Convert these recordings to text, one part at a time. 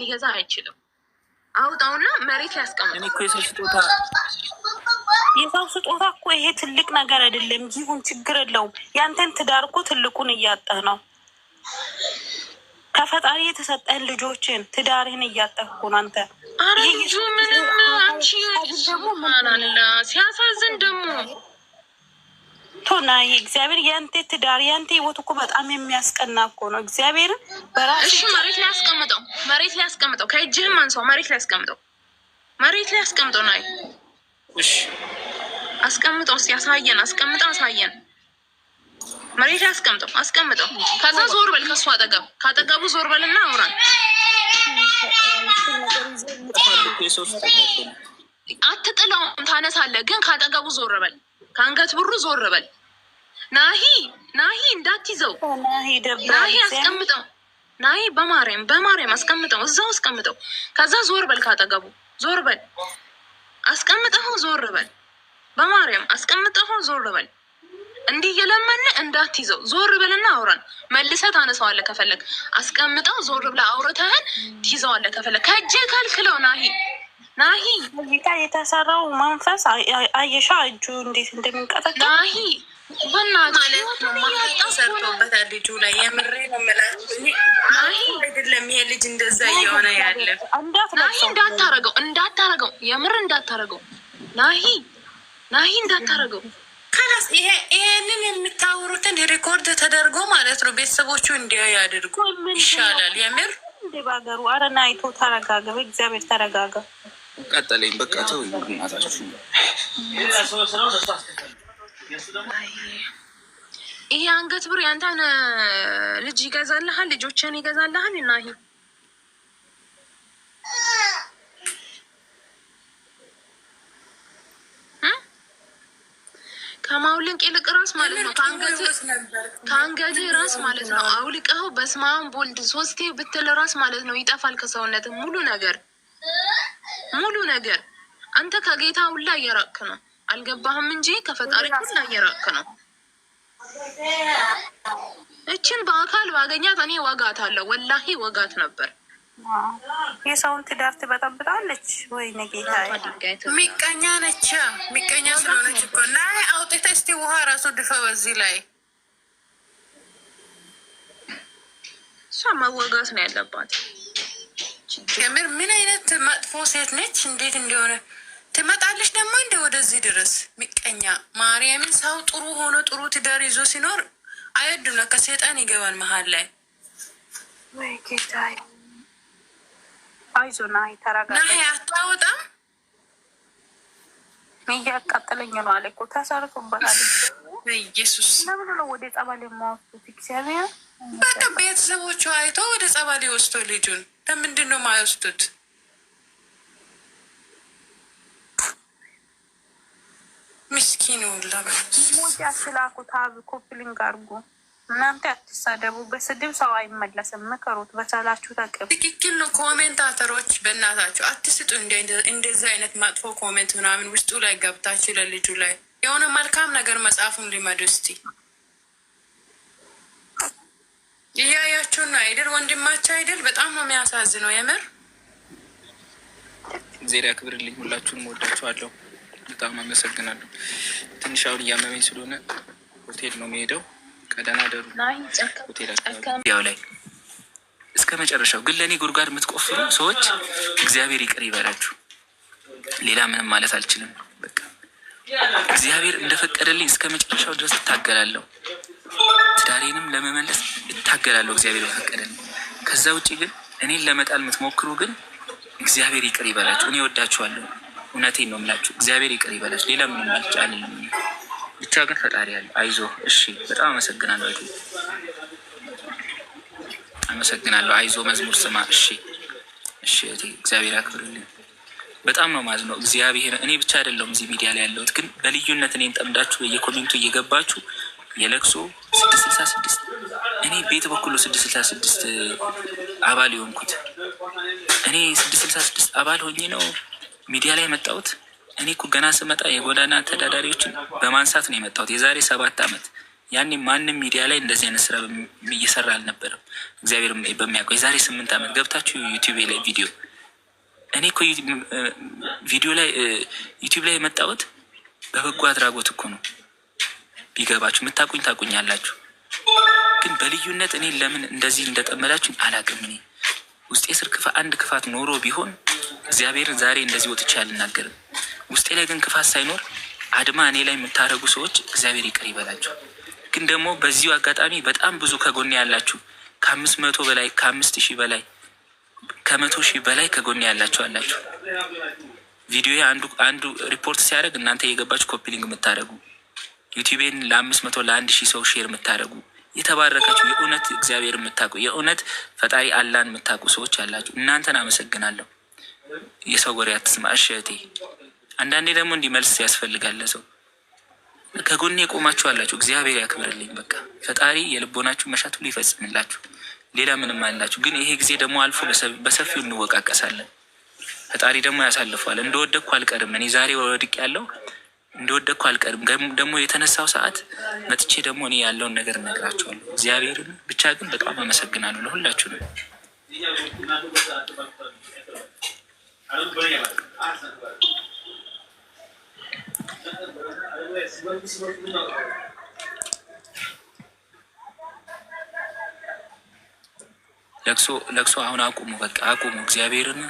ሊገዛ አይችልም። አውጣውና መሬት ያስቀምጣል። የሰው ስጦታ እኮ ይሄ ትልቅ ነገር አይደለም። ይሁን ችግር የለውም። ያንተን ትዳር እኮ ትልቁን እያጣህ ነው። ከፈጣሪ የተሰጠህን ልጆችን ትዳርህን እያጣህ እኮ ነው አንተ። አረ ልጁ ምንም አንቺ ደግሞ ማን ሲያሳዝን ደግሞ ከቶ ና እግዚአብሔር ያንተ ትዳር ያንተ ህይወት እኮ በጣም የሚያስቀና እኮ ነው። እግዚአብሔር በራሱ መሬት ላይ ያስቀምጠው፣ መሬት ላይ ያስቀምጠው፣ ከእጅህም አንሰው፣ መሬት ላይ ያስቀምጠው፣ መሬት ላይ ያስቀምጠው። ናይ አስቀምጠው፣ እስኪ ያሳየን፣ አስቀምጠው፣ አሳየን። መሬት ላይ አስቀምጠው፣ አስቀምጠው። ከዛ ዞር በል ከሱ አጠገብ፣ ካጠገቡ ዞር በል እና አውራን አትጥለውም፣ ታነሳለህ፣ ግን ካጠገቡ ዞር በል፣ ከአንገት ብሩ ዞር በል ናሂ ናሂ እንዳትይዘው ናሂ አስቀምጠው ናሂ በማርያም በማርያም አስቀምጠው እዛው አስቀምጠው ከዛ ዞር በል ካጠገቡ ዞር በል አስቀምጠኸው ዞር በል በማርያም አስቀምጠኸው ዞር በል እንዲህ እየለመን እንዳትይዘው ዞር ብልና አውራን መልሰህ ታነሳዋለህ ከፈለግ አስቀምጠው ዞር ብላ አውርተህን ትይዘዋለህ ከፈለግ ከእጅ ከልክለው ናሂ ናሂ ሙዚቃ የተሰራው መንፈስ አየሻ እጁ እንዴት እንደሚንቀጠቀጥ ናሂ ሰርቶበታል ልጁ ላይ የምሬ አይደለም። ይሄ ልጅ እንደዛ እየሆነ ያለ እንዳታረገው እንዳታረገው፣ የምር እንዳታረገው ናሂ፣ ናሂ እንዳታረገው። ይሄንን የምታወሩትን ሪኮርድ ተደርጎ ማለት ነው ቤተሰቦቹ እንዲያዩ ያድርጉ ይሻላል። የምር እንደ ባገሩ አረ ናይቶ ተረጋጋ፣ እግዚአብሔር ተረጋጋ። ቀጠለኝ በቃ ተው እናታችሁ ይሄ አንገት ብር ያንተን ልጅ ይገዛልሃል፣ ልጆችን ይገዛልሃል። እና ይሄ ከማውልቅ ይልቅ ራስ ማለት ነው። ከአንገት ራስ ማለት ነው። አውልቀው በስማም ቦልድ ሶስቴ ብትል ራስ ማለት ነው። ይጠፋል ከሰውነት ሙሉ ነገር ሙሉ ነገር። አንተ ከጌታ ሁላ እየራቅክ ነው። አልገባህም እንጂ ከፈጣሪ ሁላ እየራቅ ነው። እችን በአካል ባገኛት እኔ ዋጋት አለው፣ ወላሂ ወጋት ነበር። የሰውን ትዳር ትበጠብጣለች ወይ ነጌታ፣ ሚቀኛ ነች። ሚቀኛ ስለሆነች እኮ ና አውጤታ እስቲ ውሃ ራሱ ድፈ በዚህ ላይ እሷ መወጋት ነው ያለባት። ምር ምን አይነት መጥፎ ሴት ነች! እንዴት እንደሆነ ትመጣለች ደግሞ እንደ ወደዚህ ድረስ ሚቀኛ ማርያምን። ሰው ጥሩ ሆኖ ጥሩ ትዳር ይዞ ሲኖር አይወድም ለካ ሰይጣን ይገባል መሀል ላይ። አይዞና ተረጋጋ። አታወጣም እያቃጠለኝ ነው አለ እኮ ተሰርቶበታል። ኢየሱስ ለምን ነው ወደ ጸበል የማወጡት? እግዚአብሔር በቃ ቤተሰቦቹ አይቶ ወደ ጸበል ይወስዶ ልጁን። ለምንድን ነው የማይወስዱት? ሙጭ አስላኩት ኮፕሊንግ አርጉ እናንተ አትሳደቡ። በስድብ ሰው አይመለስም። ምከሩት በሰላችሁ ተቅብ ትክክል ነው። ኮሜንታተሮች በእናታቸው አትስጡ። እንደዚህ አይነት መጥፎ ኮሜንት ምናምን ውስጡ ላይ ገብታችሁ ለልጁ ላይ የሆነ መልካም ነገር መጽሐፉን ሊመዱ እስቲ እያያችሁ ነው አይደል? ወንድማቸው አይደል? በጣም ነው የሚያሳዝነው የምር። ዜሪያ ክብርልኝ። ሁላችሁን እወዳችኋለሁ። በጣም አመሰግናለሁ። ትንሽ አሁን እያመመኝ ስለሆነ ሆቴል ነው የሚሄደው ቀደና ደሩ ሆቴል ላይ እስከ መጨረሻው ግን ለእኔ ጉድጓድ የምትቆፍሩ ሰዎች እግዚአብሔር ይቅር ይበላችሁ። ሌላ ምንም ማለት አልችልም። እግዚአብሔር እንደፈቀደልኝ እስከ መጨረሻው ድረስ እታገላለሁ። ትዳሬንም ለመመለስ እታገላለሁ፣ እግዚአብሔር በፈቀደልኝ። ከዛ ውጭ ግን እኔን ለመጣል የምትሞክሩ ግን እግዚአብሔር ይቅር ይበላችሁ። እኔ ወዳችኋለሁ። እውነቴን ነው የምላችሁ። እግዚአብሔር ይቅር ይበለች። ሌላ ምንም አልቻለም። ብቻ ግን ፈጣሪ ያለ አይዞ። እሺ፣ በጣም አመሰግናለሁ። አይዞ፣ አመሰግናለሁ። አይዞ፣ መዝሙር ስማ። እሺ፣ እሺ፣ እግዚአብሔር ያክብርልኝ። በጣም ነው ማዝ ነው እግዚአብሔር። እኔ ብቻ አይደለሁም እዚህ ሚዲያ ላይ ያለሁት፣ ግን በልዩነት እኔን ጠምዳችሁ በየኮሜንቱ እየገባችሁ የለቅሶ ስድስት ስልሳ ስድስት እኔ ቤት በኩል ስድስት ስልሳ ስድስት አባል የሆንኩት እኔ ስድስት ስልሳ ስድስት አባል ሆኜ ነው ሚዲያ ላይ የመጣሁት እኔ እኮ ገና ስመጣ የጎዳና ተዳዳሪዎችን በማንሳት ነው የመጣሁት የዛሬ ሰባት ዓመት። ያኔ ማንም ሚዲያ ላይ እንደዚህ አይነት ስራ እየሰራ አልነበረም። እግዚአብሔር በሚያውቀው የዛሬ ስምንት ዓመት ገብታችሁ ዩቲዩብ ላይ ቪዲዮ እኔ እኮ ቪዲዮ ላይ ዩቲዩብ ላይ የመጣሁት በበጎ አድራጎት እኮ ነው። ቢገባችሁ የምታቁኝ ታቁኝ አላችሁ። ግን በልዩነት እኔ ለምን እንደዚህ እንደጠመዳችሁ አላቅም። እኔ ውስጤ ስር ክፋ አንድ ክፋት ኖሮ ቢሆን እግዚአብሔር ዛሬ እንደዚህ ወጥቼ አልናገርም። ውስጤ ላይ ግን ክፋት ሳይኖር አድማ እኔ ላይ የምታደረጉ ሰዎች እግዚአብሔር ይቅር ይበላችሁ። ግን ደግሞ በዚሁ አጋጣሚ በጣም ብዙ ከጎን ያላችሁ ከአምስት መቶ በላይ ከአምስት ሺህ በላይ ከመቶ ሺህ በላይ ከጎን ያላችሁ አላችሁ። ቪዲዮ አንዱ አንዱ ሪፖርት ሲያደርግ እናንተ የገባችሁ ኮፒሊንግ የምታደርጉ ዩቲቤን ለአምስት መቶ ለአንድ ሺህ ሰው ሼር የምታደረጉ የተባረካችሁ የእውነት እግዚአብሔር የምታውቁ የእውነት ፈጣሪ አላን የምታውቁ ሰዎች አላችሁ። እናንተን አመሰግናለሁ። የሰው ወሬ አትስማ። እሺ እህቴ፣ አንዳንዴ ደግሞ እንዲህ መልስ ያስፈልጋል ሰው ከጎኔ የቆማችሁ አላችሁ። እግዚአብሔር ያክብርልኝ። በቃ ፈጣሪ የልቦናችሁ መሻት ሁሉ ይፈጽምላችሁ። ሌላ ምንም አላችሁ። ግን ይሄ ጊዜ ደግሞ አልፎ በሰፊው እንወቃቀሳለን። ፈጣሪ ደግሞ ያሳልፈዋል። እንደወደኩ አልቀርም። እኔ ዛሬ ወድቅ ያለው እንደወደኩ አልቀርም። ደግሞ የተነሳው ሰዓት መጥቼ ደግሞ እኔ ያለውን ነገር እነግራችኋለሁ። እግዚአብሔርን ብቻ ግን በጣም አመሰግናለሁ ለሁላችሁ ነው። Ah, ለቅሶ ለቅሶ አሁን አቁሙ፣ በቃ አቁሙ። እግዚአብሔርን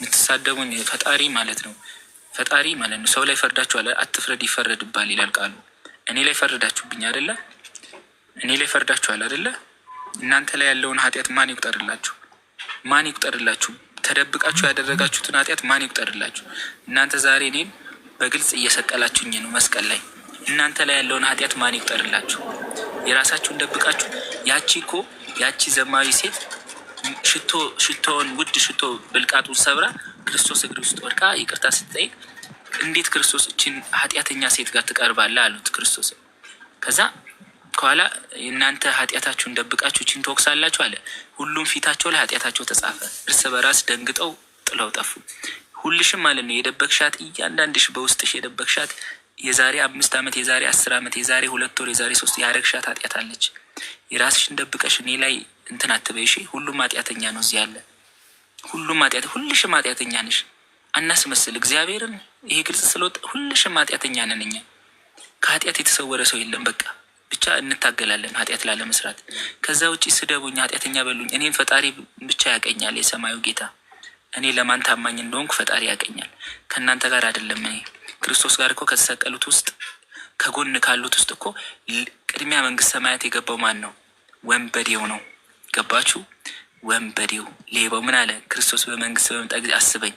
የምትሳደቡኝ ፈጣሪ ማለት ነው ፈጣሪ ማለት ነው። ሰው ላይ ፈርዳችኋል። አትፍረድ ይፈረድባል ይላል ቃሉ። እኔ ላይ ፈርዳችሁብኝ አይደለ? እኔ ላይ ፈርዳችኋል አይደለ? እናንተ ላይ ያለውን ኃጢአት ማን ይቁጠርላችሁ? ማን ይቁጠርላችሁ? ተደብቃችሁ ያደረጋችሁትን ኃጢአት ማን ይቁጠርላችሁ? እናንተ ዛሬ እኔን በግልጽ እየሰቀላችሁኝ ነው መስቀል ላይ። እናንተ ላይ ያለውን ኃጢአት ማን ይቁጠርላችሁ? የራሳችሁን ደብቃችሁ። ያቺ እኮ ያቺ ዘማዊ ሴት ሽቶ ሽቶውን ውድ ሽቶ ብልቃጡን ሰብራ ክርስቶስ እግር ውስጥ ወድቃ ይቅርታ ስትጠይቅ እንዴት ክርስቶስ እችን ኃጢአተኛ ሴት ጋር ትቀርባለህ? አሉት ክርስቶስ ከዛ ከኋላ እናንተ ኃጢአታችሁን ደብቃችሁ ችን ትወቅሳላችሁ አለ። ሁሉም ፊታቸው ላይ ኃጢአታቸው ተጻፈ። እርስ በራስ ደንግጠው ጥለው ጠፉ። ሁልሽም ማለት ነው የደበቅሻት እያንዳንድሽ በውስጥሽ የደበቅሻት የዛሬ አምስት ዓመት የዛሬ አስር ዓመት የዛሬ ሁለት ወር የዛሬ ሶስት ያረግሻት ኃጢአት አለች። የራስሽን ደብቀሽ እኔ ላይ እንትን አትበይሽ። ሁሉም ኃጢአተኛ ነው እዚህ ያለ ሁሉም ኃጢአት ሁልሽም ኃጢአተኛ ነሽ። አናስመስል እግዚአብሔርን። ይሄ ግልጽ ስለወጥ ሁልሽም ኃጢአተኛ ነን እኛ። ከኃጢአት የተሰወረ ሰው የለም። በቃ ብቻ እንታገላለን ኃጢአት ላለመስራት። ከዛ ውጭ ስደቡኝ፣ ኃጢአተኛ በሉኝ፣ እኔም ፈጣሪ ብቻ ያቀኛል። የሰማዩ ጌታ እኔ ለማን ታማኝ እንደሆንኩ ፈጣሪ ያቀኛል። ከእናንተ ጋር አይደለም። እኔ ክርስቶስ ጋር እኮ ከተሰቀሉት ውስጥ ከጎን ካሉት ውስጥ እኮ ቅድሚያ መንግስት ሰማያት የገባው ማን ነው? ወንበዴው ነው። ገባችሁ? ወንበዴው ሌባው ምን አለ? ክርስቶስ በመንግስት በመጣ ጊዜ አስበኝ፣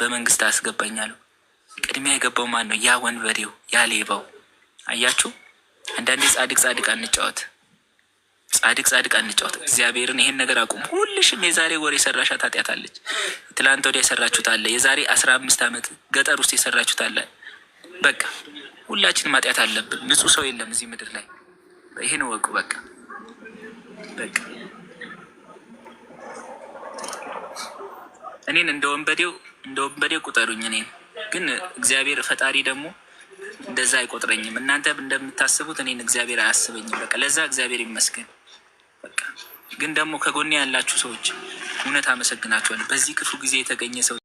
በመንግስት አስገባኝ ቅድሚያ የገባው ማን ነው? ያ ወንበዴው፣ ያ ሌባው። አያችሁ? አንዳንዴ ጻድቅ ጻድቅ አንጫወት፣ ጻድቅ ጻድቅ አንጫወት። እግዚአብሔርን ይሄን ነገር አቁም። ሁልሽም የዛሬ ወር የሰራሻት ኃጢአት አለች። ትላንት ወዲያ የሰራችሁት አለ። የዛሬ አስራ አምስት ዓመት ገጠር ውስጥ የሰራችሁት አለ። በቃ ሁላችንም ኃጢአት አለብን። ንጹህ ሰው የለም እዚህ ምድር ላይ። ይህን ወቁ። በቃ በቃ እኔን እንደ ወንበዴው እንደ ወንበዴው ቁጠሩኝ። እኔን ግን እግዚአብሔር ፈጣሪ ደግሞ እንደዛ አይቆጥረኝም። እናንተ እንደምታስቡት እኔን እግዚአብሔር አያስበኝም። በቃ ለዛ እግዚአብሔር ይመስገን። በቃ ግን ደግሞ ከጎኔ ያላችሁ ሰዎች እውነት አመሰግናችኋለሁ። በዚህ ክፉ ጊዜ የተገኘ ሰው